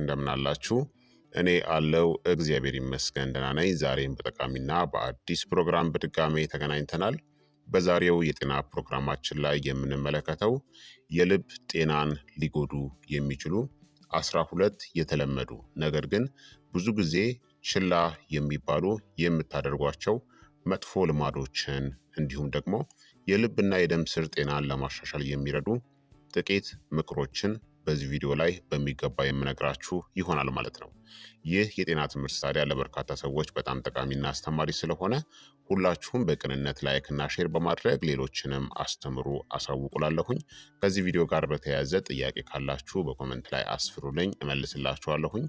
እንደምናላችሁ እኔ አለው እግዚአብሔር ይመስገን ደህና ነኝ። ዛሬም በጠቃሚና በአዲስ ፕሮግራም በድጋሜ ተገናኝተናል። በዛሬው የጤና ፕሮግራማችን ላይ የምንመለከተው የልብ ጤናን ሊጎዱ የሚችሉ አስራ ሁለት የተለመዱ ነገር ግን ብዙ ጊዜ ችላ የሚባሉ የምታደርጓቸው መጥፎ ልማዶችን እንዲሁም ደግሞ የልብና የደም ስር ጤናን ለማሻሻል የሚረዱ ጥቂት ምክሮችን በዚህ ቪዲዮ ላይ በሚገባ የምነግራችሁ ይሆናል ማለት ነው። ይህ የጤና ትምህርት ታዲያ ለበርካታ ሰዎች በጣም ጠቃሚና አስተማሪ ስለሆነ ሁላችሁም በቅንነት ላይክ እና ሼር በማድረግ ሌሎችንም አስተምሩ አሳውቁላለሁኝ። ከዚህ ቪዲዮ ጋር በተያያዘ ጥያቄ ካላችሁ በኮመንት ላይ አስፍሩልኝ፣ እመልስላችኋለሁኝ።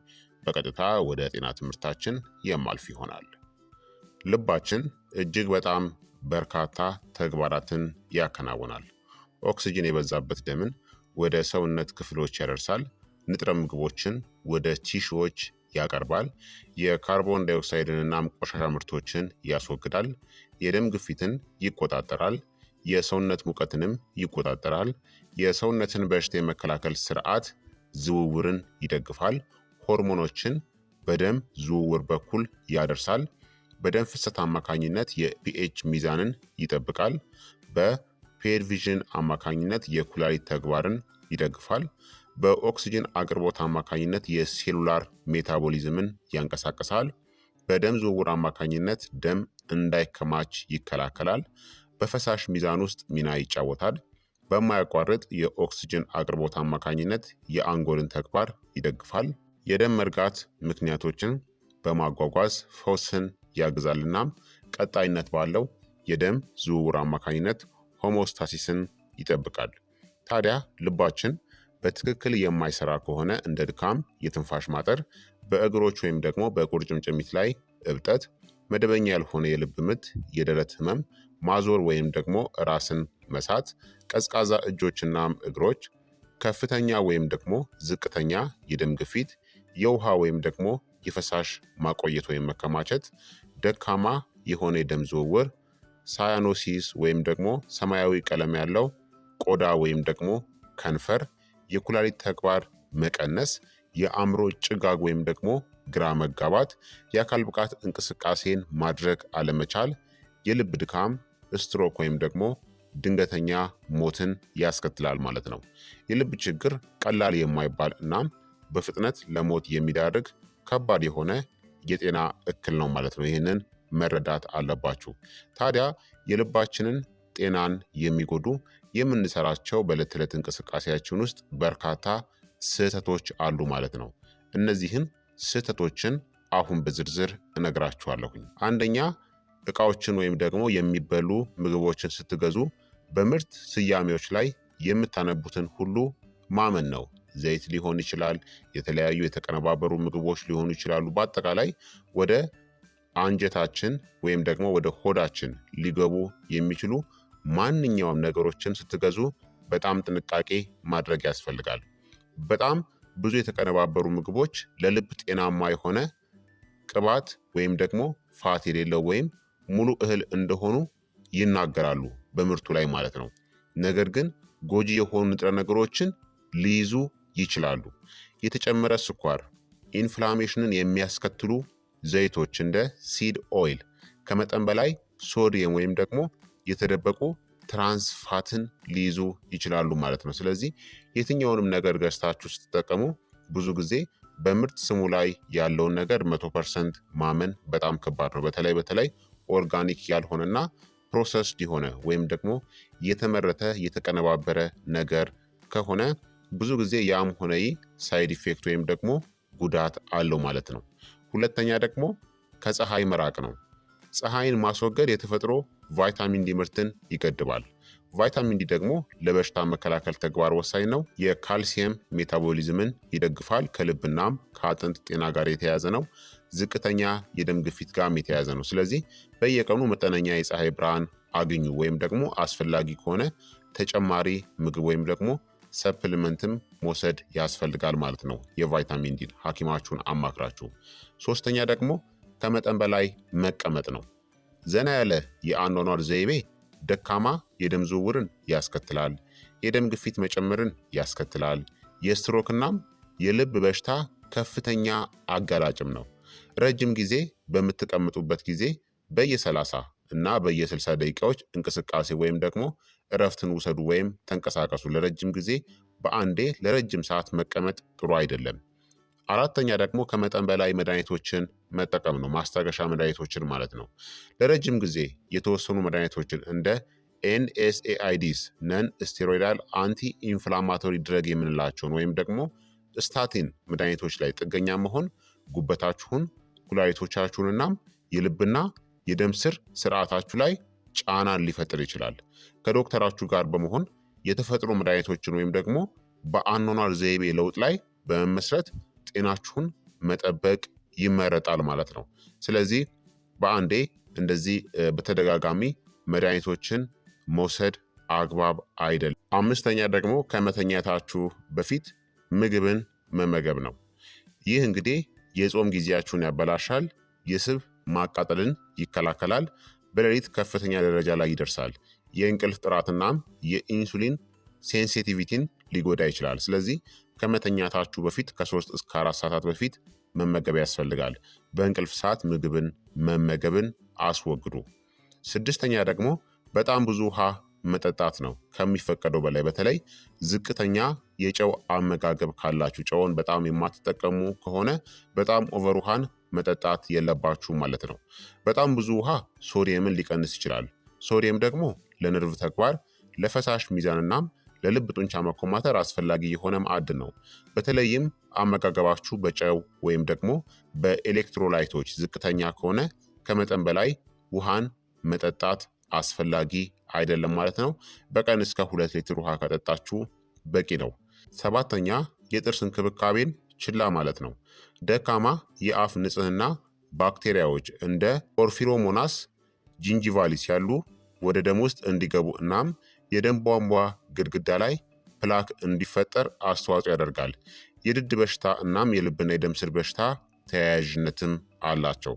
በቀጥታ ወደ ጤና ትምህርታችን የማልፍ ይሆናል። ልባችን እጅግ በጣም በርካታ ተግባራትን ያከናውናል። ኦክስጅን የበዛበት ደምን ወደ ሰውነት ክፍሎች ያደርሳል። ንጥረ ምግቦችን ወደ ቲሹዎች ያቀርባል። የካርቦን ዳይኦክሳይድንና ቆሻሻ ምርቶችን ያስወግዳል። የደም ግፊትን ይቆጣጠራል። የሰውነት ሙቀትንም ይቆጣጠራል። የሰውነትን በሽታ የመከላከል ስርዓት ዝውውርን ይደግፋል። ሆርሞኖችን በደም ዝውውር በኩል ያደርሳል። በደም ፍሰት አማካኝነት የፒኤች ሚዛንን ይጠብቃል። በ ቪዥን አማካኝነት የኩላሊት ተግባርን ይደግፋል። በኦክስጅን አቅርቦት አማካኝነት የሴሉላር ሜታቦሊዝምን ያንቀሳቅሳል። በደም ዝውውር አማካኝነት ደም እንዳይከማች ይከላከላል። በፈሳሽ ሚዛን ውስጥ ሚና ይጫወታል። በማያቋርጥ የኦክስጅን አቅርቦት አማካኝነት የአንጎልን ተግባር ይደግፋል። የደም መርጋት ምክንያቶችን በማጓጓዝ ፈውስን ያግዛልና ቀጣይነት ባለው የደም ዝውውር አማካኝነት ሆሞስታሲስን ይጠብቃል። ታዲያ ልባችን በትክክል የማይሰራ ከሆነ እንደ ድካም፣ የትንፋሽ ማጠር፣ በእግሮች ወይም ደግሞ በቁርጭምጭሚት ላይ እብጠት፣ መደበኛ ያልሆነ የልብ ምት፣ የደረት ህመም፣ ማዞር ወይም ደግሞ ራስን መሳት፣ ቀዝቃዛ እጆችና እግሮች፣ ከፍተኛ ወይም ደግሞ ዝቅተኛ የደም ግፊት፣ የውሃ ወይም ደግሞ የፈሳሽ ማቆየት ወይም መከማቸት፣ ደካማ የሆነ የደም ዝውውር ሳያኖሲስ ወይም ደግሞ ሰማያዊ ቀለም ያለው ቆዳ ወይም ደግሞ ከንፈር፣ የኩላሊት ተግባር መቀነስ፣ የአእምሮ ጭጋግ ወይም ደግሞ ግራ መጋባት፣ የአካል ብቃት እንቅስቃሴን ማድረግ አለመቻል፣ የልብ ድካም፣ ስትሮክ ወይም ደግሞ ድንገተኛ ሞትን ያስከትላል ማለት ነው። የልብ ችግር ቀላል የማይባል እናም በፍጥነት ለሞት የሚዳርግ ከባድ የሆነ የጤና እክል ነው ማለት ነው። ይህንን መረዳት አለባችሁ። ታዲያ የልባችንን ጤናን የሚጎዱ የምንሰራቸው በዕለት ተዕለት እንቅስቃሴያችን ውስጥ በርካታ ስህተቶች አሉ ማለት ነው። እነዚህን ስህተቶችን አሁን በዝርዝር እነግራችኋለሁኝ። አንደኛ እቃዎችን ወይም ደግሞ የሚበሉ ምግቦችን ስትገዙ በምርት ስያሜዎች ላይ የምታነቡትን ሁሉ ማመን ነው። ዘይት ሊሆን ይችላል፣ የተለያዩ የተቀነባበሩ ምግቦች ሊሆኑ ይችላሉ። በአጠቃላይ ወደ አንጀታችን ወይም ደግሞ ወደ ሆዳችን ሊገቡ የሚችሉ ማንኛውም ነገሮችን ስትገዙ በጣም ጥንቃቄ ማድረግ ያስፈልጋል። በጣም ብዙ የተቀነባበሩ ምግቦች ለልብ ጤናማ የሆነ ቅባት ወይም ደግሞ ፋት የሌለው ወይም ሙሉ እህል እንደሆኑ ይናገራሉ በምርቱ ላይ ማለት ነው። ነገር ግን ጎጂ የሆኑ ንጥረ ነገሮችን ሊይዙ ይችላሉ። የተጨመረ ስኳር ኢንፍላሜሽንን የሚያስከትሉ ዘይቶች እንደ ሲድ ኦይል ከመጠን በላይ ሶዲየም ወይም ደግሞ የተደበቁ ትራንስፋትን ሊይዙ ይችላሉ ማለት ነው። ስለዚህ የትኛውንም ነገር ገዝታችሁ ስትጠቀሙ ብዙ ጊዜ በምርት ስሙ ላይ ያለውን ነገር መቶ ፐርሰንት ማመን በጣም ከባድ ነው። በተለይ በተለይ ኦርጋኒክ ያልሆነና ፕሮሰስድ የሆነ ወይም ደግሞ የተመረተ የተቀነባበረ ነገር ከሆነ ብዙ ጊዜ ያም ሆነ ሳይድ ኢፌክት ወይም ደግሞ ጉዳት አለው ማለት ነው። ሁለተኛ ደግሞ ከፀሐይ መራቅ ነው። ፀሐይን ማስወገድ የተፈጥሮ ቫይታሚን ዲ ምርትን ይገድባል። ቫይታሚን ዲ ደግሞ ለበሽታ መከላከል ተግባር ወሳኝ ነው። የካልሲየም ሜታቦሊዝምን ይደግፋል። ከልብናም ከአጥንት ጤና ጋር የተያያዘ ነው። ዝቅተኛ የደም ግፊት ጋርም የተያያዘ ነው። ስለዚህ በየቀኑ መጠነኛ የፀሐይ ብርሃን አግኙ፣ ወይም ደግሞ አስፈላጊ ከሆነ ተጨማሪ ምግብ ወይም ደግሞ ሰፕሊመንትም መውሰድ ያስፈልጋል ማለት ነው። የቫይታሚን ዲን ሐኪማችሁን አማክራችሁ። ሶስተኛ ደግሞ ከመጠን በላይ መቀመጥ ነው። ዘና ያለ የአኗኗር ዘይቤ ደካማ የደም ዝውውርን ያስከትላል። የደም ግፊት መጨመርን ያስከትላል። የስትሮክናም የልብ በሽታ ከፍተኛ አጋላጭም ነው። ረጅም ጊዜ በምትቀምጡበት ጊዜ በየ30 እና በየ60 ደቂቃዎች እንቅስቃሴ ወይም ደግሞ እረፍትን ውሰዱ ወይም ተንቀሳቀሱ። ለረጅም ጊዜ በአንዴ ለረጅም ሰዓት መቀመጥ ጥሩ አይደለም። አራተኛ ደግሞ ከመጠን በላይ መድኃኒቶችን መጠቀም ነው። ማስታገሻ መድኃኒቶችን ማለት ነው። ለረጅም ጊዜ የተወሰኑ መድኃኒቶችን እንደ ኤንኤስኤአይዲስ ነን ስቴሮይዳል አንቲ ኢንፍላማቶሪ ድረግ የምንላቸውን ወይም ደግሞ ስታቲን መድኃኒቶች ላይ ጥገኛ መሆን ጉበታችሁን፣ ኩላሊቶቻችሁን እናም የልብና የደም ስር ስርዓታችሁ ላይ ጫናን ሊፈጥር ይችላል። ከዶክተራችሁ ጋር በመሆን የተፈጥሮ መድኃኒቶችን ወይም ደግሞ በአኗኗር ዘይቤ ለውጥ ላይ በመመስረት ጤናችሁን መጠበቅ ይመረጣል ማለት ነው። ስለዚህ በአንዴ እንደዚህ በተደጋጋሚ መድኃኒቶችን መውሰድ አግባብ አይደለም። አምስተኛ ደግሞ ከመተኛታችሁ በፊት ምግብን መመገብ ነው። ይህ እንግዲህ የጾም ጊዜያችሁን ያበላሻል፣ የስብ ማቃጠልን ይከላከላል፣ በሌሊት ከፍተኛ ደረጃ ላይ ይደርሳል። የእንቅልፍ ጥራትና የኢንሱሊን ሴንሲቲቪቲን ሊጎዳ ይችላል። ስለዚህ ከመተኛታችሁ በፊት ከሶስት እስከ አራት ሰዓታት በፊት መመገብ ያስፈልጋል። በእንቅልፍ ሰዓት ምግብን መመገብን አስወግዱ። ስድስተኛ ደግሞ በጣም ብዙ ውሃ መጠጣት ነው ከሚፈቀደው በላይ። በተለይ ዝቅተኛ የጨው አመጋገብ ካላችሁ፣ ጨውን በጣም የማትጠቀሙ ከሆነ በጣም ኦቨር ውሃን መጠጣት የለባችሁ ማለት ነው። በጣም ብዙ ውሃ ሶዲየምን ሊቀንስ ይችላል። ሶዲየም ደግሞ ለነርቭ ተግባር፣ ለፈሳሽ ሚዛንና ለልብ ጡንቻ መኮማተር አስፈላጊ የሆነ ማዕድን ነው። በተለይም አመጋገባችሁ በጨው ወይም ደግሞ በኤሌክትሮላይቶች ዝቅተኛ ከሆነ ከመጠን በላይ ውሃን መጠጣት አስፈላጊ አይደለም ማለት ነው። በቀን እስከ ሁለት ሊትር ውሃ ከጠጣችሁ በቂ ነው። ሰባተኛ የጥርስ እንክብካቤን ችላ ማለት ነው። ደካማ የአፍ ንጽህና ባክቴሪያዎች እንደ ኦርፊሮሞናስ ጂንጂቫሊስ ያሉ ወደ ደም ውስጥ እንዲገቡ እናም የደም ቧንቧ ግድግዳ ላይ ፕላክ እንዲፈጠር አስተዋጽኦ ያደርጋል። የድድ በሽታ እናም የልብና የደም ስር በሽታ ተያያዥነትም አላቸው።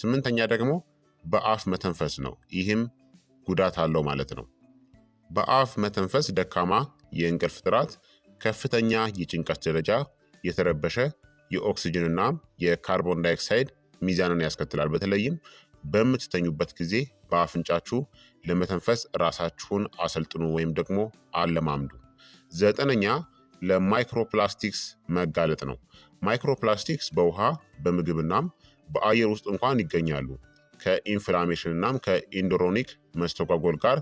ስምንተኛ ደግሞ በአፍ መተንፈስ ነው። ይህም ጉዳት አለው ማለት ነው። በአፍ መተንፈስ ደካማ የእንቅልፍ ጥራት፣ ከፍተኛ የጭንቀት ደረጃ፣ የተረበሸ የኦክስጅን እናም የካርቦን ዳይኦክሳይድ ሚዛንን ያስከትላል። በተለይም በምትተኙበት ጊዜ በአፍንጫችሁ ለመተንፈስ ራሳችሁን አሰልጥኑ ወይም ደግሞ አለማምዱ። ዘጠነኛ ለማይክሮፕላስቲክስ መጋለጥ ነው። ማይክሮፕላስቲክስ በውሃ በምግብናም በአየር ውስጥ እንኳን ይገኛሉ። ከኢንፍላሜሽን እናም ከኢንዶሮኒክ መስተጓጎል ጋር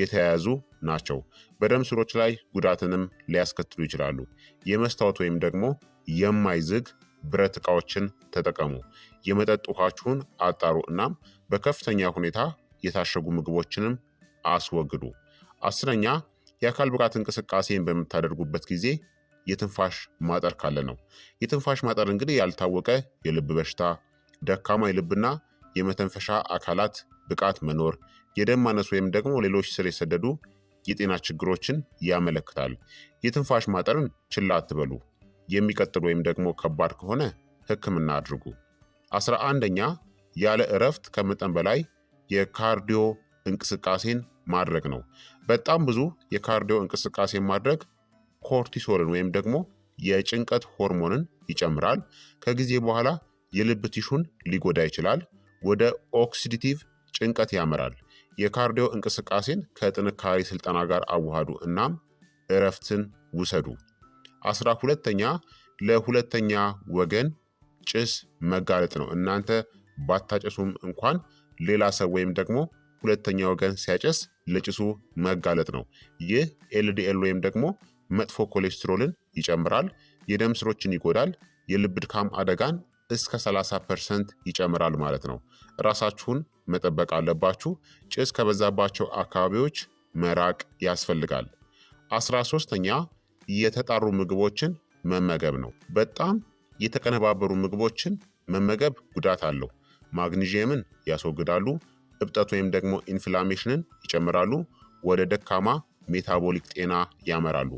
የተያያዙ ናቸው። በደም ስሮች ላይ ጉዳትንም ሊያስከትሉ ይችላሉ። የመስታወት ወይም ደግሞ የማይዝግ ብረት እቃዎችን ተጠቀሙ። የመጠጥ ውሃችሁን አጣሩ እናም በከፍተኛ ሁኔታ የታሸጉ ምግቦችንም አስወግዱ። አስረኛ የአካል ብቃት እንቅስቃሴን በምታደርጉበት ጊዜ የትንፋሽ ማጠር ካለ ነው። የትንፋሽ ማጠር እንግዲህ ያልታወቀ የልብ በሽታ፣ ደካማ የልብና የመተንፈሻ አካላት ብቃት መኖር፣ የደም ማነስ ወይም ደግሞ ሌሎች ስር የሰደዱ የጤና ችግሮችን ያመለክታል። የትንፋሽ ማጠርን ችላ አትበሉ። የሚቀጥል ወይም ደግሞ ከባድ ከሆነ ሕክምና አድርጉ። አስራ አንደኛ ያለ እረፍት ከመጠን በላይ የካርዲዮ እንቅስቃሴን ማድረግ ነው። በጣም ብዙ የካርዲዮ እንቅስቃሴን ማድረግ ኮርቲሶልን ወይም ደግሞ የጭንቀት ሆርሞንን ይጨምራል። ከጊዜ በኋላ የልብ ቲሹን ሊጎዳ ይችላል። ወደ ኦክሲዲቲቭ ጭንቀት ያመራል። የካርዲዮ እንቅስቃሴን ከጥንካሬ ስልጠና ጋር አዋሃዱ እናም እረፍትን ውሰዱ። አስራ ሁለተኛ ለሁለተኛ ወገን ጭስ መጋለጥ ነው። እናንተ ባታጨሱም እንኳን ሌላ ሰው ወይም ደግሞ ሁለተኛ ወገን ሲያጨስ ለጭሱ መጋለጥ ነው። ይህ ኤልዲኤል ወይም ደግሞ መጥፎ ኮሌስትሮልን ይጨምራል፣ የደም ስሮችን ይጎዳል፣ የልብ ድካም አደጋን እስከ 30 ፐርሰንት ይጨምራል ማለት ነው። ራሳችሁን መጠበቅ አለባችሁ። ጭስ ከበዛባቸው አካባቢዎች መራቅ ያስፈልጋል። አስራ ሶስተኛ የተጣሩ ምግቦችን መመገብ ነው። በጣም የተቀነባበሩ ምግቦችን መመገብ ጉዳት አለው። ማግኒዥየምን ያስወግዳሉ፣ እብጠት ወይም ደግሞ ኢንፍላሜሽንን ይጨምራሉ፣ ወደ ደካማ ሜታቦሊክ ጤና ያመራሉ።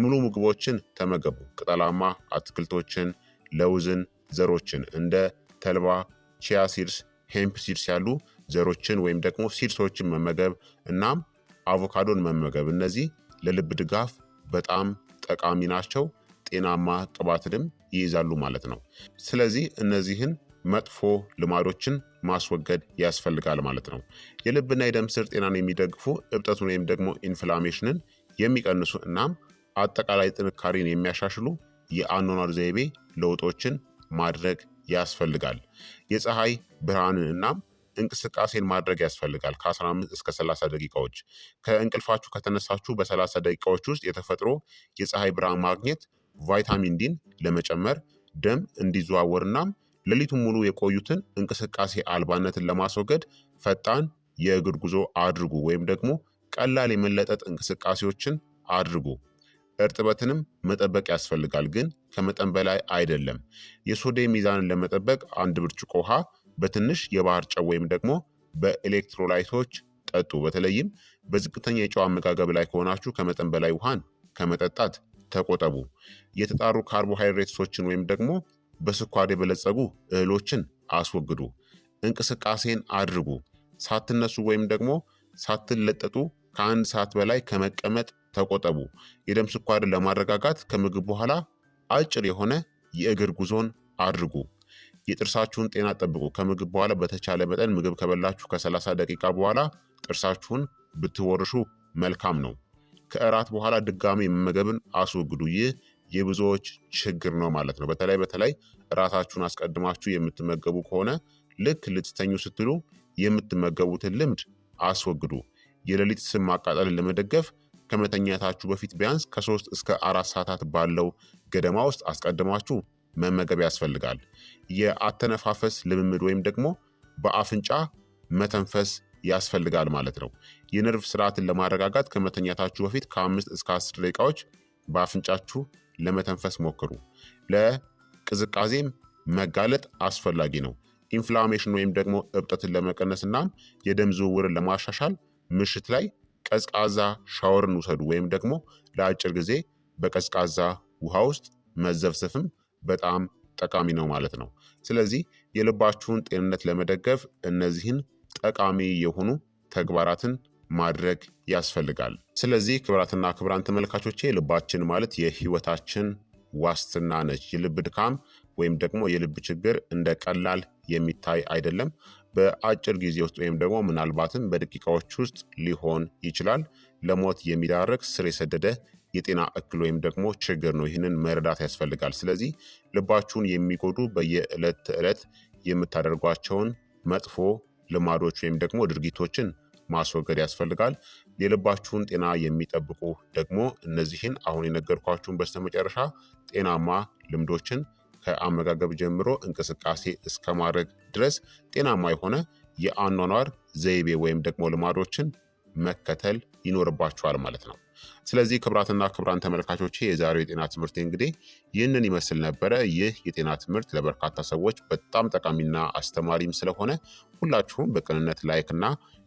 ሙሉ ምግቦችን ተመገቡ። ቅጠላማ አትክልቶችን፣ ለውዝን፣ ዘሮችን እንደ ተልባ፣ ቺያ ሲድስ፣ ሄምፕ ሲድስ ያሉ ዘሮችን ወይም ደግሞ ሲድሶችን መመገብ እናም አቮካዶን መመገብ። እነዚህ ለልብ ድጋፍ በጣም ጠቃሚ ናቸው። ጤናማ ቅባትንም ይይዛሉ ማለት ነው። ስለዚህ እነዚህን መጥፎ ልማዶችን ማስወገድ ያስፈልጋል ማለት ነው። የልብና የደም ስር ጤናን የሚደግፉ እብጠቱን ወይም ደግሞ ኢንፍላሜሽንን የሚቀንሱ እናም አጠቃላይ ጥንካሬን የሚያሻሽሉ የአኗኗር ዘይቤ ለውጦችን ማድረግ ያስፈልጋል። የፀሐይ ብርሃንን እናም እንቅስቃሴን ማድረግ ያስፈልጋል። ከ15 እስከ 30 ደቂቃዎች ከእንቅልፋችሁ ከተነሳችሁ በ30 ደቂቃዎች ውስጥ የተፈጥሮ የፀሐይ ብርሃን ማግኘት ቫይታሚን ዲን ለመጨመር ደም እናም ሌሊቱን ሙሉ የቆዩትን እንቅስቃሴ አልባነትን ለማስወገድ ፈጣን የእግር ጉዞ አድርጉ ወይም ደግሞ ቀላል የመለጠጥ እንቅስቃሴዎችን አድርጉ። እርጥበትንም መጠበቅ ያስፈልጋል፣ ግን ከመጠን በላይ አይደለም። የሶዴ ሚዛንን ለመጠበቅ አንድ ብርጭቆ ውሃ በትንሽ የባህር ጨው ወይም ደግሞ በኤሌክትሮላይቶች ጠጡ። በተለይም በዝቅተኛ የጨው አመጋገብ ላይ ከሆናችሁ ከመጠን በላይ ውሃን ከመጠጣት ተቆጠቡ። የተጣሩ ካርቦሃይድሬትሶችን ወይም ደግሞ በስኳር የበለጸጉ እህሎችን አስወግዱ። እንቅስቃሴን አድርጉ። ሳትነሱ ወይም ደግሞ ሳትለጠጡ ከአንድ ሰዓት በላይ ከመቀመጥ ተቆጠቡ። የደም ስኳርን ለማረጋጋት ከምግብ በኋላ አጭር የሆነ የእግር ጉዞን አድርጉ። የጥርሳችሁን ጤና ጠብቁ። ከምግብ በኋላ በተቻለ መጠን ምግብ ከበላችሁ ከ30 ደቂቃ በኋላ ጥርሳችሁን ብትወርሹ መልካም ነው። ከእራት በኋላ ድጋሚ መመገብን አስወግዱ። ይህ የብዙዎች ችግር ነው ማለት ነው። በተለይ በተለይ ራሳችሁን አስቀድማችሁ የምትመገቡ ከሆነ ልክ ልትተኙ ስትሉ የምትመገቡትን ልምድ አስወግዱ። የሌሊት ስብ ማቃጠልን ለመደገፍ ከመተኛታችሁ በፊት ቢያንስ ከሶስት እስከ አራት ሰዓታት ባለው ገደማ ውስጥ አስቀድማችሁ መመገብ ያስፈልጋል። የአተነፋፈስ ልምምድ ወይም ደግሞ በአፍንጫ መተንፈስ ያስፈልጋል ማለት ነው። የነርቭ ስርዓትን ለማረጋጋት ከመተኛታችሁ በፊት ከአምስት እስከ አስር ደቂቃዎች በአፍንጫችሁ ለመተንፈስ ሞክሩ። ለቅዝቃዜም መጋለጥ አስፈላጊ ነው። ኢንፍላሜሽን ወይም ደግሞ እብጠትን ለመቀነስ እናም የደም ዝውውርን ለማሻሻል ምሽት ላይ ቀዝቃዛ ሻወርን ውሰዱ ወይም ደግሞ ለአጭር ጊዜ በቀዝቃዛ ውሃ ውስጥ መዘፍዘፍም በጣም ጠቃሚ ነው ማለት ነው። ስለዚህ የልባችሁን ጤንነት ለመደገፍ እነዚህን ጠቃሚ የሆኑ ተግባራትን ማድረግ ያስፈልጋል። ስለዚህ ክብራትና ክብራን ተመልካቾቼ ልባችን ማለት የህይወታችን ዋስትና ነች። የልብ ድካም ወይም ደግሞ የልብ ችግር እንደ ቀላል የሚታይ አይደለም። በአጭር ጊዜ ውስጥ ወይም ደግሞ ምናልባትም በደቂቃዎች ውስጥ ሊሆን ይችላል ለሞት የሚዳረግ ስር የሰደደ የጤና እክል ወይም ደግሞ ችግር ነው። ይህንን መረዳት ያስፈልጋል። ስለዚህ ልባችሁን የሚጎዱ በየዕለት ተዕለት የምታደርጓቸውን መጥፎ ልማዶች ወይም ደግሞ ድርጊቶችን ማስወገድ ያስፈልጋል። የልባችሁን ጤና የሚጠብቁ ደግሞ እነዚህን አሁን የነገርኳችሁን በስተመጨረሻ ጤናማ ልምዶችን ከአመጋገብ ጀምሮ እንቅስቃሴ እስከ ማድረግ ድረስ ጤናማ የሆነ የአኗኗር ዘይቤ ወይም ደግሞ ልማዶችን መከተል ይኖርባችኋል ማለት ነው። ስለዚህ ክብራትና ክብራን ተመልካቾች የዛሬው የጤና ትምህርት እንግዲህ ይህንን ይመስል ነበረ። ይህ የጤና ትምህርት ለበርካታ ሰዎች በጣም ጠቃሚና አስተማሪም ስለሆነ ሁላችሁም በቅንነት ላይክና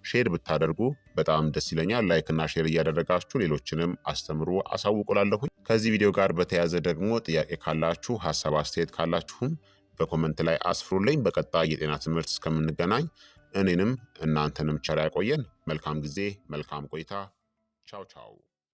ሼር ብታደርጉ በጣም ደስ ይለኛል። ላይክና ሼር እያደረጋችሁ ሌሎችንም አስተምሩ፣ አሳውቁላለሁኝ። ከዚህ ቪዲዮ ጋር በተያያዘ ደግሞ ጥያቄ ካላችሁ፣ ሀሳብ አስተያየት ካላችሁም በኮመንት ላይ አስፍሩልኝ። በቀጣይ የጤና ትምህርት እስከምንገናኝ እኔንም እናንተንም ቸር ያቆየን። መልካም ጊዜ፣ መልካም ቆይታ። ቻው ቻው